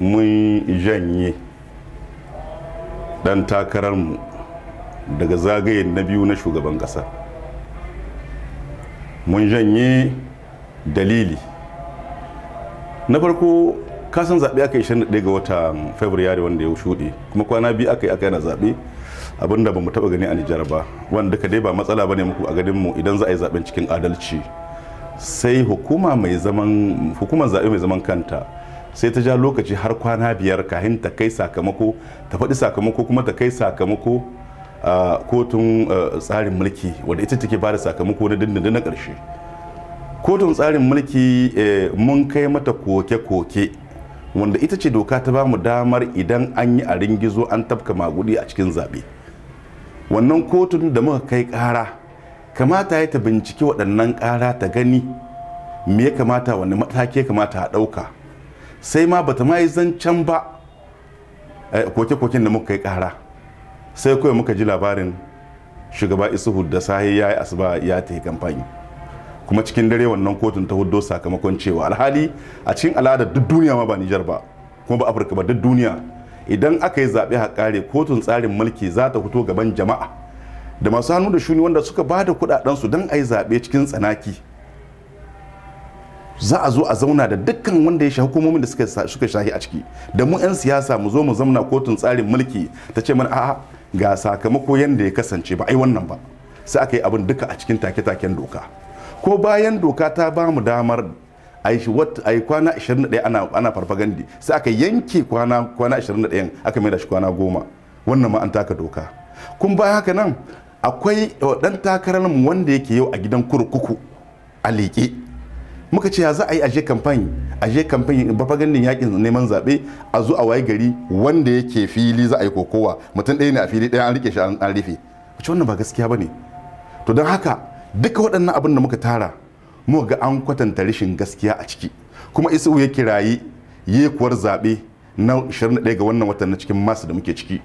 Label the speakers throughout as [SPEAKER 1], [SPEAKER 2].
[SPEAKER 1] mun janye dan takararmu daga zagaye na biyu na shugaban kasa mun janye dalili na farko kasan zaɓe aka yi 21 ga wata fabrairu wanda ya shuɗe kuma kwana biyu aka yi aka yana zaɓe abinda ba mu taɓa gani a nijar ba wanda ka dai ba matsala ba ne muku a ganin mu idan za a yi zaɓen cikin adalci sai hukuma mai zaman hukumar zaɓe mai zaman kanta sai ta ja lokaci har kwana biyar kahin ta kai sakamako ta faɗi sakamako kuma ta kai sakamako a kotun tsarin mulki wadda ita take ba da sakamako na dindindin na ƙarshe kotun tsarin mulki e, mun kai mata koke-koke wanda ita ce doka ta ba mu damar idan an yi a ringizo an tafka magudi a cikin zaɓe wannan kotun da muka kai ƙara kamata ya ta binciki waɗannan ƙara ta gani me ya kamata wani mataki ya kamata a ɗauka sai ma bata ma yi zancen ba eh, koke-koken da muka yi kara sai kawai muka ji labarin shugaba isuhu da sahi ya yi asuba ya ta yi kamfani kuma cikin dare wannan kotun ta hudo sakamakon cewa alhali a cikin al'adar duk duniya ma ba nijar ba kuma ba afirka ba duk duniya idan aka yi zaɓe a ƙare kotun tsarin mulki za ta fito gaban jama'a da masu hannu da shuni wanda suka ba da su don a yi zaɓe cikin tsanaki za a zo a zauna da dukkan wanda ya shahi hukumomin da suka shahi a ciki da mu 'yan siyasa mu zo mu zamna kotun tsarin mulki ta ce mana a'a ga sakamako yadda ya kasance ba ai wannan ba sai aka yi abin duka a cikin take-taken doka ko bayan doka ta ba mu damar a yi kwana 21 ana ana farfagandi sai aka yanke kwana 21 aka mai da shi kwana goma wannan ma an taka doka kun bayan haka nan akwai dan eh, takararmu wanda yake yau a gidan kurkuku a leƙe muka ce ya za a yi aje kamfani aje kamfani propagandin yakin neman zaɓe a zo a waye gari wanda yake fili za a yi kokowa mutum ɗaya ne a fili ɗaya an rike shi an rufe wacce wannan ba gaskiya ba ne to don haka duka waɗannan abin da muka tara muka ga an kwatanta rashin gaskiya a ciki kuma isu ya kirayi yekuwar zaɓe na 21 ga wannan watan na cikin masu da muke ciki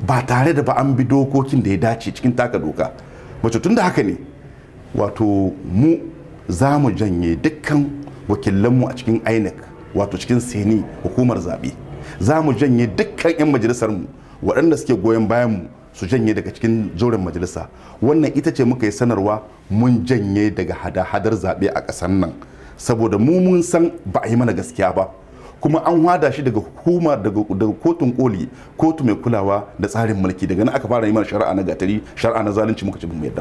[SPEAKER 1] ba tare da ba an bi dokokin da ya dace cikin taka doka wacce tun da haka ne wato mu za mu janye dukkan wakilanmu a cikin inec wato cikin sini hukumar zaɓe za mu janye dukkan 'yan majalisarmu waɗanda suke goyon bayanmu su janye daga cikin zauren majalisa wannan ita ce muka yi sanarwa mun janye daga hada-hadar zaɓe a ƙasar nan saboda mu mun san ba a yi mana gaskiya ba kuma an hada shi daga hukuma daga kotun koli kotu mai kulawa da tsarin mulki daga nan aka fara yi mana shari'a na gatari shari'a na zalunci muka ci mu yadda